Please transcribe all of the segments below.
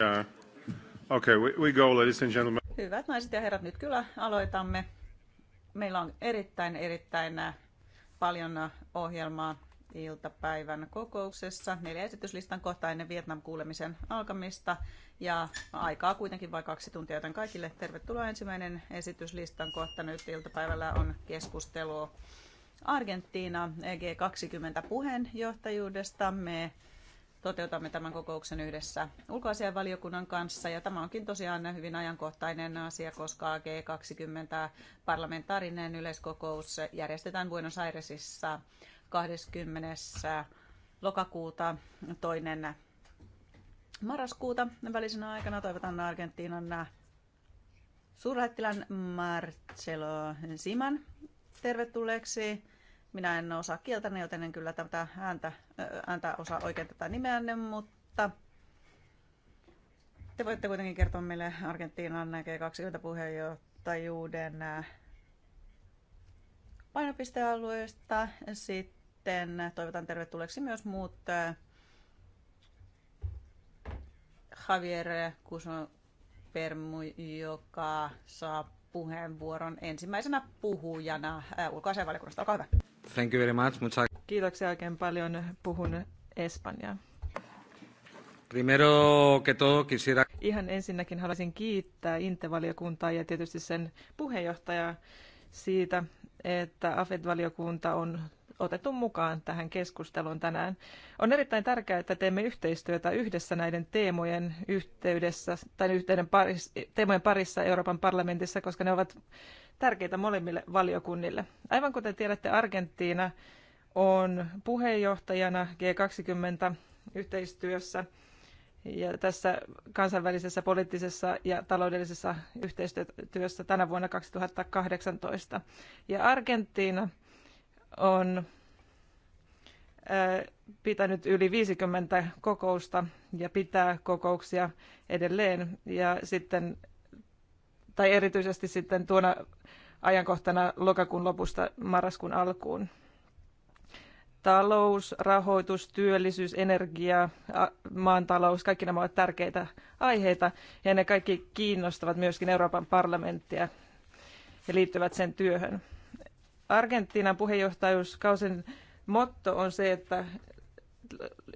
Yeah. Uh, okay, we, we go, ladies and gentlemen. Hyvät naiset ja herrat, nyt kyllä aloitamme. Meillä on erittäin, erittäin äh, paljon äh, ohjelmaa iltapäivän kokouksessa. Neljä esityslistan kohta ennen Vietnam-kuulemisen alkamista. Ja aikaa kuitenkin vain kaksi tuntia, joten kaikille tervetuloa. Ensimmäinen esityslistan kohta nyt iltapäivällä on keskustelu Argentiina e G20 puheenjohtajuudesta. Me toteutamme tämän kokouksen yhdessä ulkoasianvaliokunnan kanssa. Ja tämä onkin tosiaan hyvin ajankohtainen asia, koska G20 parlamentaarinen yleiskokous järjestetään Buenos Airesissa 20. lokakuuta toinen marraskuuta välisenä aikana. Toivotan Argentiinan suurlähettilän Marcelo Siman tervetulleeksi minä en osaa kieltä, joten en kyllä tätä ääntä, ääntä osaa oikein tätä nimeänne, mutta te voitte kuitenkin kertoa meille Argentiinan G20-puheenjohtajuuden painopistealueesta. Sitten toivotan tervetulleeksi myös muut Javier permu joka saa puheenvuoron ensimmäisenä puhujana ulkoasianvaliokunnasta. Olkaa hyvä. Thank you very much. Mucha... Kiitoksia oikein paljon. Puhun Espanjaa. Primero que todo quisiera... Ihan ensinnäkin haluaisin kiittää Intevaliokuntaa ja tietysti sen puheenjohtajaa siitä, että AFED-valiokunta on otettu mukaan tähän keskusteluun tänään. On erittäin tärkeää, että teemme yhteistyötä yhdessä näiden teemojen yhteydessä tai yhteyden parissa, teemojen parissa Euroopan parlamentissa, koska ne ovat tärkeitä molemmille valiokunnille. Aivan kuten tiedätte, Argentiina on puheenjohtajana G20 yhteistyössä ja tässä kansainvälisessä poliittisessa ja taloudellisessa yhteistyössä tänä vuonna 2018. Ja Argentiina on äh, pitänyt yli 50 kokousta ja pitää kokouksia edelleen. Ja sitten tai erityisesti sitten tuona ajankohtana lokakuun lopusta marraskuun alkuun. Talous, rahoitus, työllisyys, energia, maantalous, kaikki nämä ovat tärkeitä aiheita ja ne kaikki kiinnostavat myöskin Euroopan parlamenttia ja liittyvät sen työhön. Argentiinan puheenjohtajuuskausin motto on se, että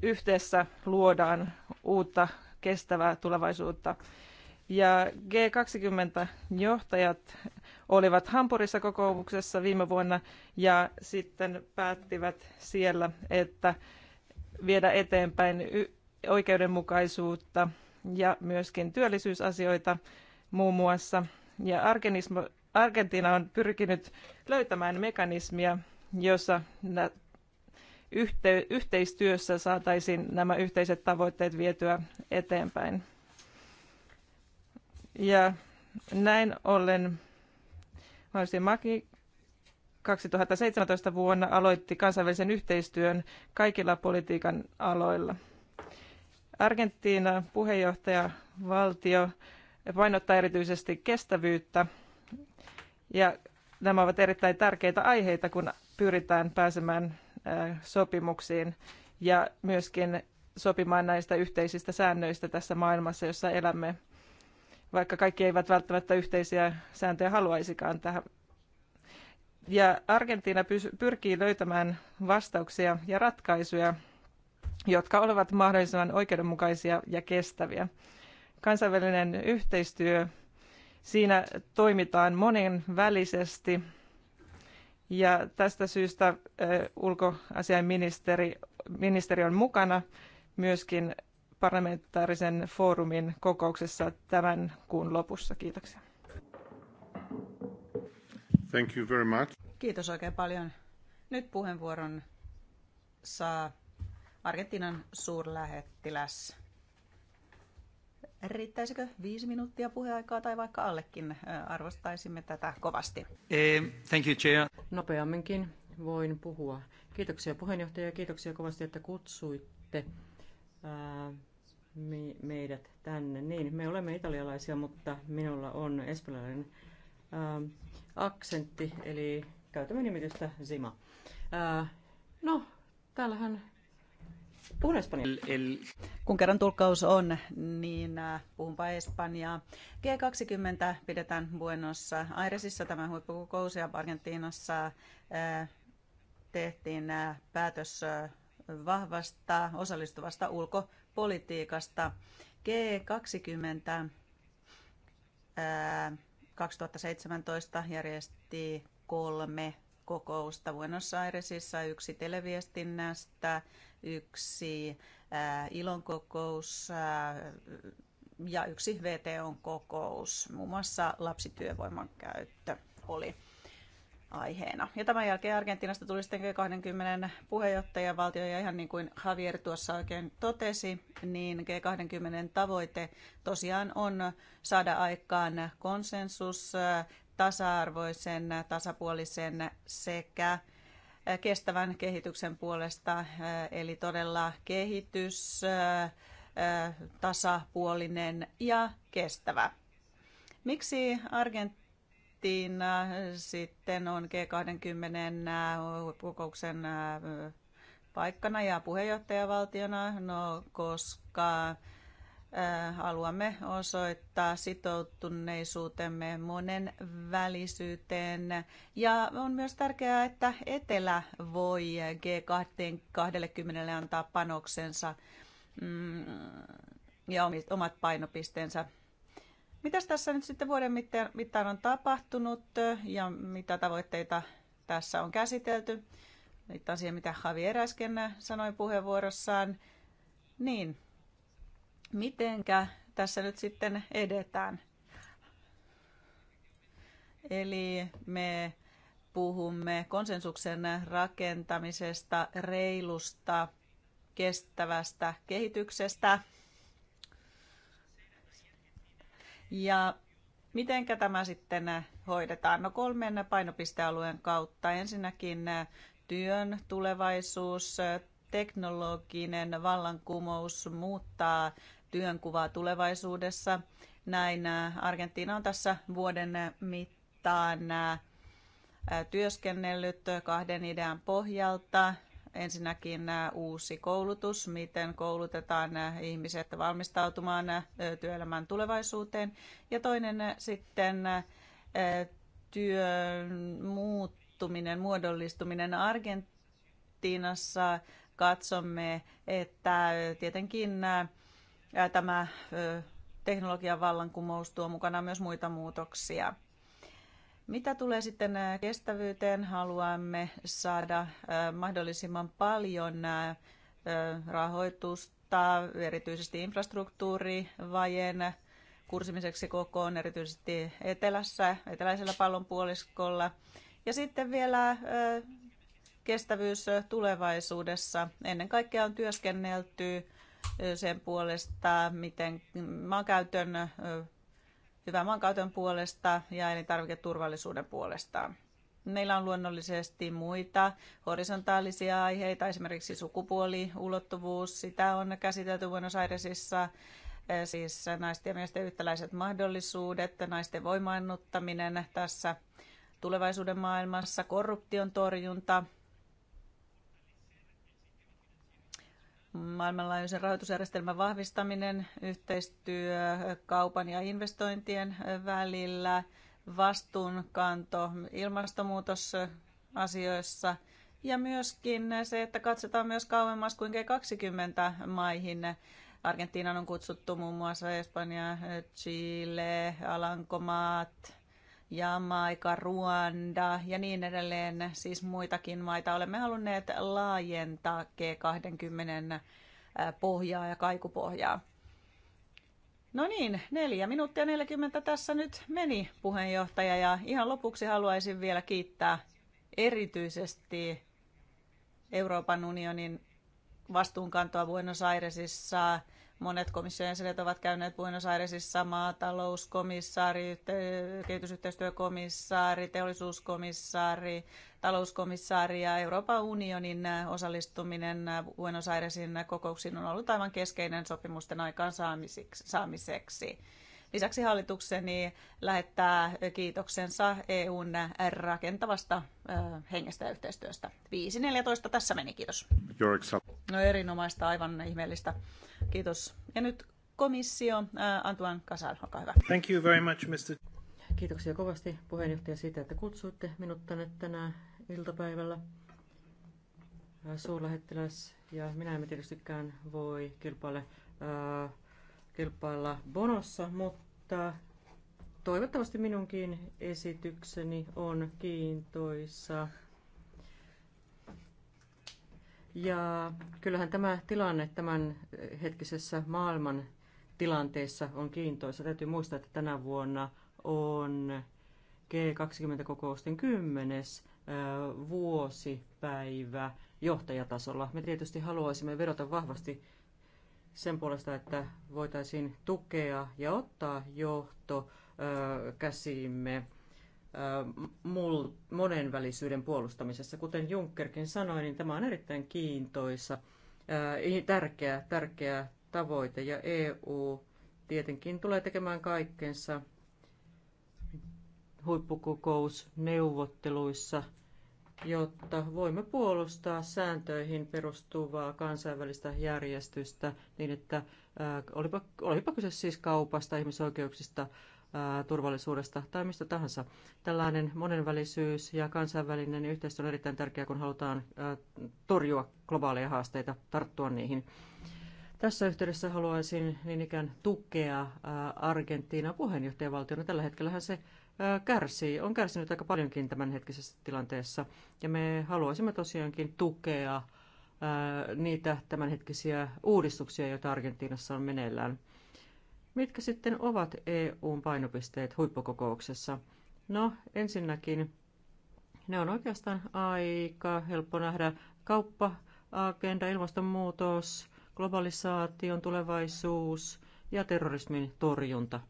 yhdessä luodaan uutta kestävää tulevaisuutta. Ja G20-johtajat olivat Hampurissa kokouksessa viime vuonna ja sitten päättivät siellä, että viedä eteenpäin oikeudenmukaisuutta ja myöskin työllisyysasioita muun muassa. Ja Argentiina on pyrkinyt löytämään mekanismia, jossa yhteistyössä saataisiin nämä yhteiset tavoitteet vietyä eteenpäin. Ja näin ollen Marsi Maki 2017 vuonna aloitti kansainvälisen yhteistyön kaikilla politiikan aloilla. Argentiina puheenjohtaja valtio painottaa erityisesti kestävyyttä ja nämä ovat erittäin tärkeitä aiheita, kun pyritään pääsemään sopimuksiin ja myöskin sopimaan näistä yhteisistä säännöistä tässä maailmassa, jossa elämme vaikka kaikki eivät välttämättä yhteisiä sääntöjä haluaisikaan tähän. Ja Argentiina pyrkii löytämään vastauksia ja ratkaisuja, jotka olivat mahdollisimman oikeudenmukaisia ja kestäviä. Kansainvälinen yhteistyö, siinä toimitaan monenvälisesti ja tästä syystä ulkoasiainministeri ministeri on mukana myöskin parlamentaarisen foorumin kokouksessa tämän kuun lopussa. Kiitoksia. Thank you very much. Kiitos oikein paljon. Nyt puheenvuoron saa Argentiinan suurlähettiläs. Riittäisikö viisi minuuttia puheaikaa tai vaikka allekin? Arvostaisimme tätä kovasti. Eh, thank you, Chair. Nopeamminkin voin puhua. Kiitoksia puheenjohtaja ja kiitoksia kovasti, että kutsuitte meidät tänne. Niin, me olemme italialaisia, mutta minulla on espanjalainen aksentti, eli käytämme nimitystä Zima. Ää, no, täällähän puhun espanjaa. Kun kerran tulkkaus on, niin puhunpa espanjaa. G20 pidetään Buenos Airesissa tämä huippukokous ja Argentiinassa tehtiin päätös vahvasta osallistuvasta ulkopolitiikasta. G20 ää, 2017 järjesti kolme kokousta Buenos Airesissa, yksi televiestinnästä, yksi ää, ilon kokous ää, ja yksi vto kokous, muun muassa lapsityövoiman käyttö oli aiheena. Ja tämän jälkeen Argentiinasta tuli sitten 20 20 valtio, ja ihan niin kuin Javier tuossa oikein totesi, niin G20 tavoite tosiaan on saada aikaan konsensus tasa-arvoisen, tasapuolisen sekä kestävän kehityksen puolesta, eli todella kehitys, tasapuolinen ja kestävä. Miksi Argentiina mainittiin. Äh, sitten on G20 äh, kokouksen äh, paikkana ja puheenjohtajavaltiona, no, koska haluamme osoittaa sitoutuneisuutemme monen välisyyteen. Ja on myös tärkeää, että Etelä voi G20 antaa panoksensa mm, ja omat painopisteensä Mitäs tässä nyt sitten vuoden mittaan on tapahtunut ja mitä tavoitteita tässä on käsitelty? Nyt asia, mitä Javier äsken sanoi puheenvuorossaan. Niin, mitenkä tässä nyt sitten edetään? Eli me puhumme konsensuksen rakentamisesta, reilusta, kestävästä kehityksestä – ja Mitenkä tämä sitten hoidetaan? No kolmen painopistealueen kautta. Ensinnäkin työn tulevaisuus, teknologinen vallankumous muuttaa työnkuvaa tulevaisuudessa. Näin Argentiina on tässä vuoden mittaan työskennellyt kahden idean pohjalta. Ensinnäkin äh, uusi koulutus, miten koulutetaan äh, ihmiset valmistautumaan äh, työelämän tulevaisuuteen. Ja toinen sitten työn muuttuminen, muodollistuminen Argentiinassa. Katsomme, että tietenkin tämä teknologian vallankumous tuo mukana myös muita muutoksia. Mitä tulee sitten kestävyyteen, haluamme saada mahdollisimman paljon rahoitusta, erityisesti infrastruktuurivajeen kursimiseksi kokoon, erityisesti etelässä, eteläisellä pallonpuoliskolla. Ja sitten vielä kestävyys tulevaisuudessa. Ennen kaikkea on työskennelty sen puolesta, miten maankäytön hyvän maankäytön puolesta ja elintarviketurvallisuuden puolesta. Meillä on luonnollisesti muita horisontaalisia aiheita, esimerkiksi sukupuoliulottuvuus. Sitä on käsitelty Buenos Airesissa, eh, siis naisten ja miesten yhtäläiset mahdollisuudet, naisten voimaannuttaminen tässä tulevaisuuden maailmassa, korruption torjunta, maailmanlaajuisen rahoitusjärjestelmän vahvistaminen, yhteistyö kaupan ja investointien välillä, vastuunkanto ilmastonmuutosasioissa ja myöskin se, että katsotaan myös kauemmas kuin G20-maihin. Argentiinan on kutsuttu muun muassa Espanja, Chile, Alankomaat, Jamaika, Ruanda ja niin edelleen, siis muitakin maita. Olemme halunneet laajentaa G20 äh, pohjaa ja kaikupohjaa. No niin, neljä minuuttia 40 tässä nyt meni puheenjohtaja ja ihan lopuksi haluaisin vielä kiittää erityisesti Euroopan unionin vastuunkantoa Buenos Airesissa Monet komission jäsenet ovat käyneet Buenos Airesissa maatalouskomissaari, kehitysyhteistyökomissaari, teollisuuskomissaari, talouskomissaari ja Euroopan unionin osallistuminen Buenos Airesin kokouksiin on ollut aivan keskeinen sopimusten saamiseksi. Lisäksi hallitukseni lähettää kiitoksensa EUn rakentavasta hengestä ja yhteistyöstä. 5.14 tässä meni, kiitos. No erinomaista, aivan ihmeellistä. Kiitos. Ja nyt komissio, äh, Antuan Kasal, olkaa hyvä. Thank you very much, Mr. Kiitoksia kovasti puheenjohtaja siitä, että kutsuitte minut tänne tänään iltapäivällä. Äh, suurlähettiläs ja minä emme tietystikään voi kilpailla, äh, kilpailla bonossa, mutta toivottavasti minunkin esitykseni on kiintoisa ja kyllähän tämä tilanne tämän hetkisessä maailman tilanteessa on kiintoisa. Täytyy muistaa, että tänä vuonna on G20-kokousten kymmenes vuosipäivä johtajatasolla. Me tietysti haluaisimme vedota vahvasti sen puolesta, että voitaisiin tukea ja ottaa johto käsimme monenvälisyyden puolustamisessa. Kuten Junckerkin sanoi, niin tämä on erittäin kiintoisa, tärkeä, tärkeä tavoite ja EU tietenkin tulee tekemään kaikkensa huippukokousneuvotteluissa, jotta voimme puolustaa sääntöihin perustuvaa kansainvälistä järjestystä niin, että olipa, olipa kyse siis kaupasta, ihmisoikeuksista, turvallisuudesta tai mistä tahansa. Tällainen monenvälisyys ja kansainvälinen yhteistyö on erittäin tärkeää, kun halutaan torjua globaaleja haasteita, tarttua niihin. Tässä yhteydessä haluaisin niin ikään tukea Argentiina puheenjohtajavaltiona. Tällä hetkellä se kärsii, on kärsinyt aika paljonkin tämänhetkisessä tilanteessa. Ja me haluaisimme tosiaankin tukea niitä tämänhetkisiä uudistuksia, joita Argentiinassa on meneillään – Mitkä sitten ovat EUn painopisteet huippukokouksessa? No, ensinnäkin ne on oikeastaan aika helppo nähdä. Kauppa, agenda, ilmastonmuutos, globalisaation tulevaisuus ja terrorismin torjunta.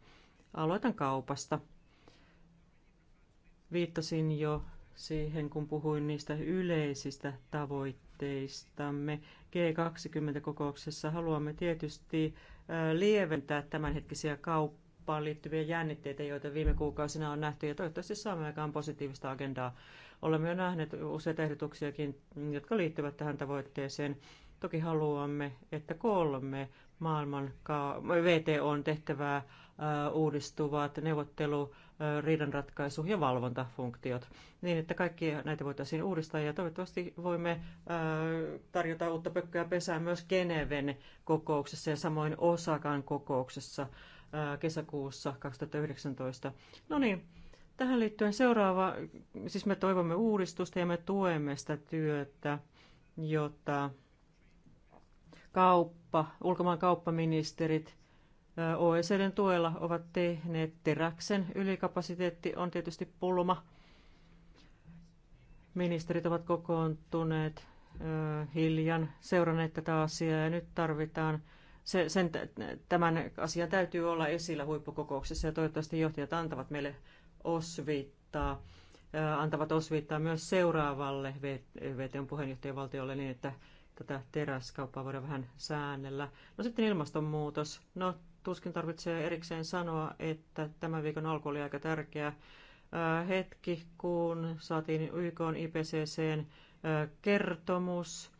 Aloitan kaupasta. Viittasin jo siihen, kun puhuin niistä yleisistä tavoitteista tavoitteistamme. G20-kokouksessa haluamme tietysti lieventää tämänhetkisiä kauppaan liittyviä jännitteitä, joita viime kuukausina on nähty, ja toivottavasti saamme aikaan positiivista agendaa. Olemme jo nähneet useita ehdotuksiakin, jotka liittyvät tähän tavoitteeseen. Toki haluamme, että kolme maailman VTOn tehtävää uudistuvat neuvottelu, riidanratkaisu- ja valvontafunktiot, niin että kaikki näitä voitaisiin uudistaa ja toivottavasti voimme tarjota uutta pökköä pesää myös Geneven kokouksessa ja samoin Osakan kokouksessa kesäkuussa 2019. No niin, tähän liittyen seuraava, siis me toivomme uudistusta ja me tuemme sitä työtä, jotta kauppa, ulkomaan kauppaministerit – OECDn tuella ovat tehneet teräksen. Ylikapasiteetti on tietysti pulma. Ministerit ovat kokoontuneet hiljan seuranneet tätä asiaa ja nyt tarvitaan se, sen, tämän asian täytyy olla esillä huippukokouksessa ja toivottavasti johtajat antavat meille osviittaa, antavat osviittaa myös seuraavalle VTOn puheenjohtajavaltiolle niin, että tätä teräskauppaa voidaan vähän säännellä. No sitten ilmastonmuutos. No Tuskin tarvitsee erikseen sanoa, että tämän viikon alku oli aika tärkeä äh, hetki, kun saatiin YK IPCCn äh, kertomus.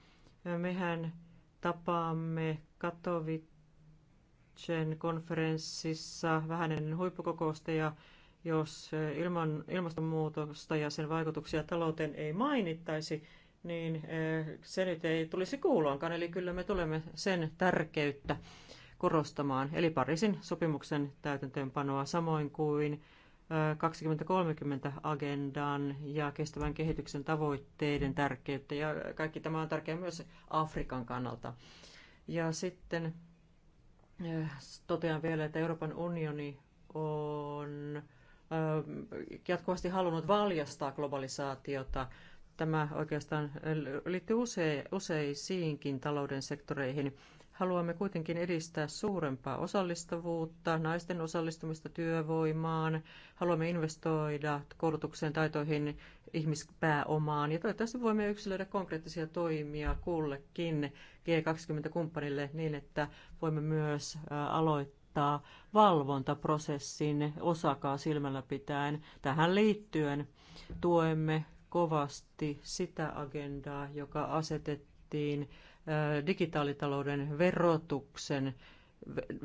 Äh, mehän tapaamme Katowicen konferenssissa vähän ennen huippukokousta ja jos ilman, ilmastonmuutosta ja sen vaikutuksia talouteen ei mainittaisi, niin se nyt ei tulisi kuuloonkaan. Eli kyllä me tulemme sen tärkeyttä korostamaan, eli Pariisin sopimuksen täytäntöönpanoa samoin kuin 2030-agendan ja kestävän kehityksen tavoitteiden tärkeyttä. Ja kaikki tämä on tärkeää myös Afrikan kannalta. Ja sitten totean vielä, että Euroopan unioni on jatkuvasti halunnut valjastaa globalisaatiota. Tämä oikeastaan liittyy useisiinkin talouden sektoreihin. Haluamme kuitenkin edistää suurempaa osallistavuutta, naisten osallistumista työvoimaan. Haluamme investoida koulutukseen, taitoihin, ihmispääomaan. Ja toivottavasti voimme yksilöidä konkreettisia toimia kullekin G20-kumppanille niin, että voimme myös aloittaa valvontaprosessin osakaa silmällä pitäen. Tähän liittyen tuemme kovasti sitä agendaa, joka asetettiin digitaalitalouden verotuksen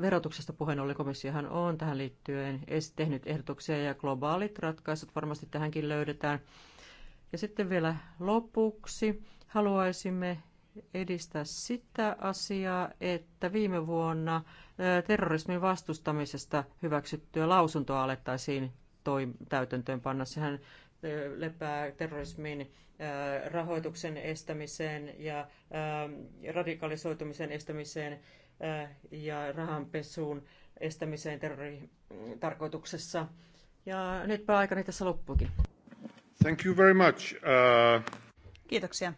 verotuksesta puheen ollen komissiohan on tähän liittyen tehnyt ehdotuksia ja globaalit ratkaisut varmasti tähänkin löydetään. Ja sitten vielä lopuksi haluaisimme edistää sitä asiaa, että viime vuonna terrorismin vastustamisesta hyväksyttyä lausuntoa alettaisiin toi, täytäntöön panna. Sehän lepää terrorismin rahoituksen estämiseen ja radikalisoitumisen estämiseen ja rahanpesuun estämiseen terroritarkoituksessa. Ja nyt aikani tässä loppuukin. Thank you very much. Uh... Kiitoksia.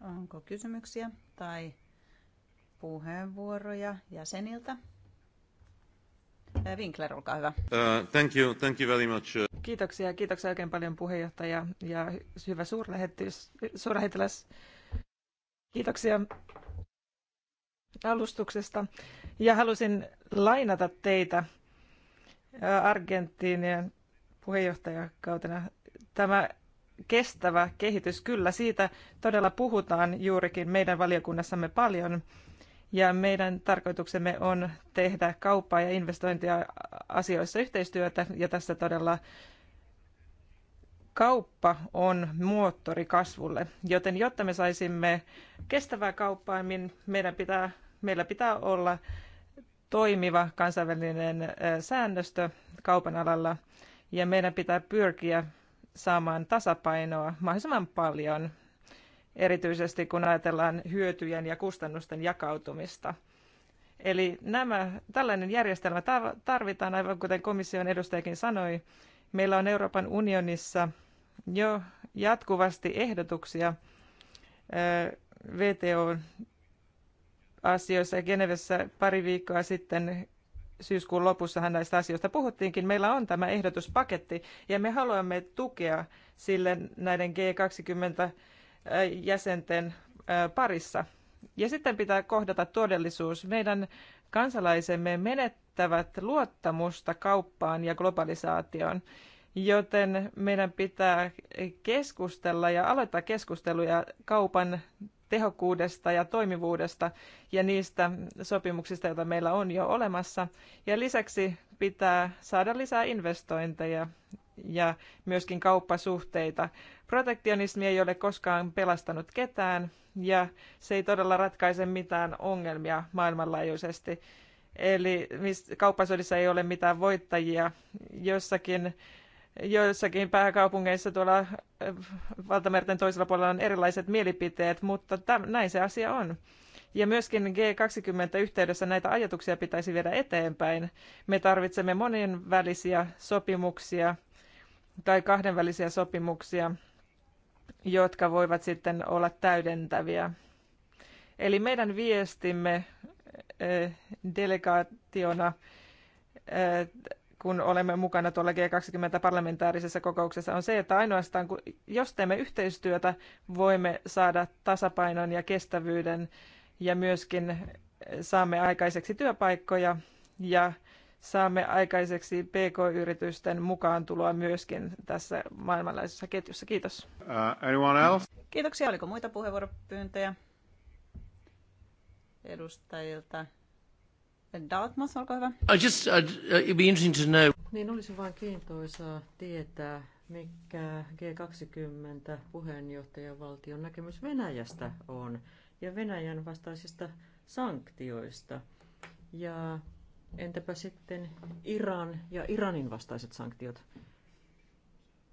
Onko kysymyksiä tai puheenvuoroja jäseniltä? Winkler, olkaa hyvä. Uh, thank you, thank you very much. Uh, Kiitoksia, kiitoksia oikein paljon puheenjohtaja ja hyvä suurlähettiläs. Kiitoksia alustuksesta ja halusin lainata teitä Argentiinien puheenjohtajakautena. Tämä kestävä kehitys, kyllä siitä todella puhutaan juurikin meidän valiokunnassamme paljon – ja meidän tarkoituksemme on tehdä kauppaa ja investointia asioissa yhteistyötä, ja tässä todella kauppa on moottori kasvulle. Joten jotta me saisimme kestävää kauppaa, niin meidän pitää, meillä pitää olla toimiva kansainvälinen säännöstö kaupan alalla, ja meidän pitää pyrkiä saamaan tasapainoa mahdollisimman paljon erityisesti kun ajatellaan hyötyjen ja kustannusten jakautumista. Eli nämä, tällainen järjestelmä tarvitaan, aivan kuten komission edustajakin sanoi. Meillä on Euroopan unionissa jo jatkuvasti ehdotuksia VTO-asioissa ja Genevessä pari viikkoa sitten syyskuun lopussahan näistä asioista puhuttiinkin. Meillä on tämä ehdotuspaketti ja me haluamme tukea sille näiden G20 jäsenten parissa. Ja sitten pitää kohdata todellisuus. Meidän kansalaisemme menettävät luottamusta kauppaan ja globalisaatioon, joten meidän pitää keskustella ja aloittaa keskusteluja kaupan tehokkuudesta ja toimivuudesta ja niistä sopimuksista, joita meillä on jo olemassa. Ja lisäksi pitää saada lisää investointeja ja myöskin kauppasuhteita. Protektionismi ei ole koskaan pelastanut ketään ja se ei todella ratkaise mitään ongelmia maailmanlaajuisesti. Eli kauppasodissa ei ole mitään voittajia. Jossakin, joissakin pääkaupungeissa tuolla äh, valtamerten toisella puolella on erilaiset mielipiteet, mutta täm, näin se asia on. Ja myöskin G20-yhteydessä näitä ajatuksia pitäisi viedä eteenpäin. Me tarvitsemme monenvälisiä sopimuksia tai kahdenvälisiä sopimuksia, jotka voivat sitten olla täydentäviä. Eli meidän viestimme eh, delegaationa, eh, kun olemme mukana tuolla G20 parlamentaarisessa kokouksessa, on se, että ainoastaan kun, jos teemme yhteistyötä, voimme saada tasapainon ja kestävyyden ja myöskin saamme aikaiseksi työpaikkoja ja saamme aikaiseksi PK-yritysten mukaan tuloa myöskin tässä maailmanlaisessa ketjussa. Kiitos. Uh, Kiitoksia. Oliko muita puheenvuoropyyntöjä edustajilta? Dalkmas, olkaa hyvä. I just, I'd, uh, it'd be interesting to know. Niin olisi vain kiintoisaa tietää, mikä G20 puheenjohtajavaltion näkemys Venäjästä on ja Venäjän vastaisista sanktioista. Ja Entäpä sitten Iran ja Iranin vastaiset sanktiot?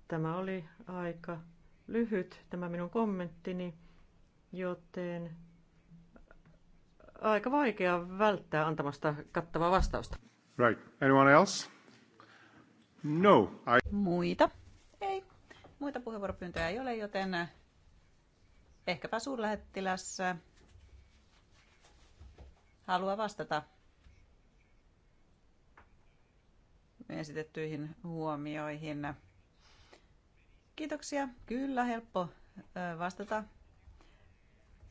Tämä oli aika lyhyt tämä minun kommenttini, joten aika vaikea välttää antamasta kattavaa vastausta. Right. Anyone else? No. I... Muita? Ei. Muita puheenvuoropyyntöjä ei ole, joten eh, ehkäpä suurlähettilässä eh, haluaa vastata esitettyihin huomioihin. Kiitoksia. Kyllä, helppo vastata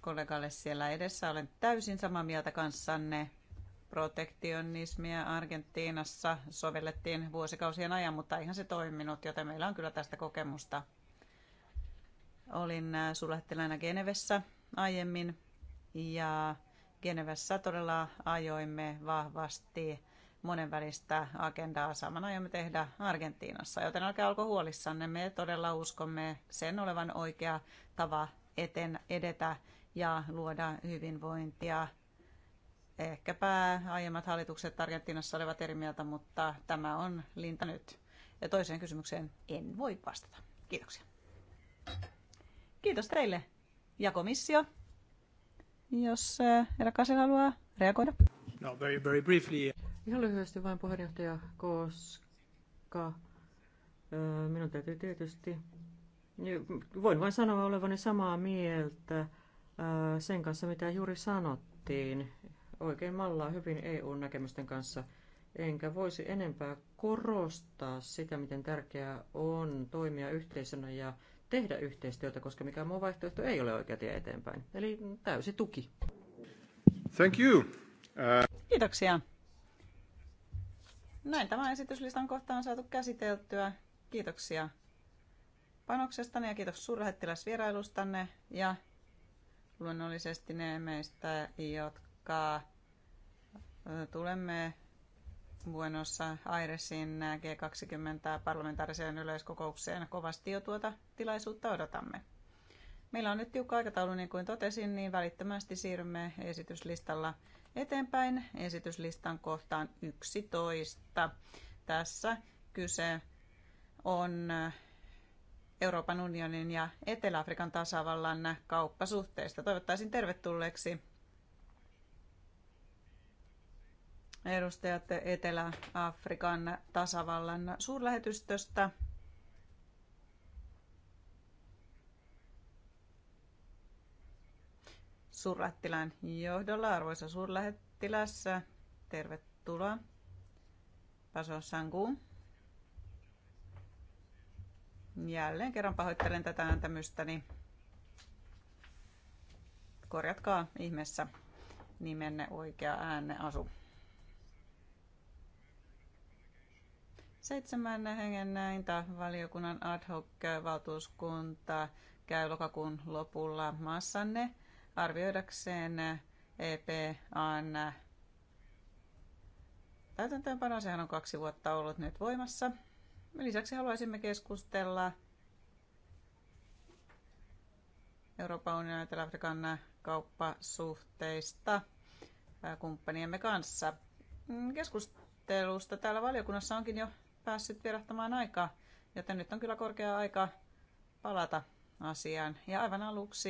kollegalle siellä edessä. Olen täysin samaa mieltä kanssanne. Protektionismia Argentiinassa sovellettiin vuosikausien ajan, mutta ihan se toiminut, joten meillä on kyllä tästä kokemusta. Olin suurlähettiläänä Genevessä aiemmin ja Genevessä todella ajoimme vahvasti monenvälistä agendaa. Saman me tehdä Argentiinassa, joten älkää olko huolissanne. Me todella uskomme sen olevan oikea tava eten edetä ja luoda hyvinvointia. Ehkäpä aiemmat hallitukset Argentiinassa olivat eri mieltä, mutta tämä on linta nyt. Ja toiseen kysymykseen en voi vastata. Kiitoksia. Kiitos teille ja komissio, jos eh, herra Kasel haluaa reagoida. No, very, very briefly. Ihan lyhyesti vain puheenjohtaja, koska minun täytyy tietysti, voin vain sanoa olevani samaa mieltä sen kanssa, mitä juuri sanottiin. Oikein mallaa hyvin EU-näkemysten kanssa, enkä voisi enempää korostaa sitä, miten tärkeää on toimia yhteisönä ja tehdä yhteistyötä, koska mikään muu vaihtoehto ei ole oikea tie eteenpäin. Eli täysi tuki. Thank you. Uh... Kiitoksia. Näin tämä esityslistan kohta on saatu käsiteltyä. Kiitoksia panoksestanne ja kiitos suurlähettiläsvierailustanne ja luonnollisesti ne meistä, jotka tulemme Buenossa Airesin G20 parlamentaariseen yleiskokoukseen kovasti jo tuota tilaisuutta odotamme. Meillä on nyt tiukka aikataulu, niin kuin totesin, niin välittömästi siirrymme esityslistalla eteenpäin esityslistan kohtaan 11. Tässä kyse on Euroopan unionin ja Etelä-Afrikan tasavallan kauppasuhteista. Toivottaisin tervetulleeksi edustajat Etelä-Afrikan tasavallan suurlähetystöstä suurlähettilään johdolla. Arvoisa suurlähettilässä, tervetuloa. Paso Sangu. Jälleen kerran pahoittelen tätä niin Korjatkaa ihmeessä nimenne oikea äänne asu. Seitsemän hengen näintä valiokunnan ad hoc valtuuskunta käy lokakuun lopulla maassanne arvioidakseen EPAn täytäntöönpanoa. Sehän on kaksi vuotta ollut nyt voimassa. Lisäksi haluaisimme keskustella Euroopan unionin ja afrikan kauppasuhteista kumppaniemme kanssa. Mm, keskustelusta täällä valiokunnassa onkin jo päässyt vierahtamaan aikaa, joten nyt on kyllä korkea aika palata asiaan. Ja aivan aluksi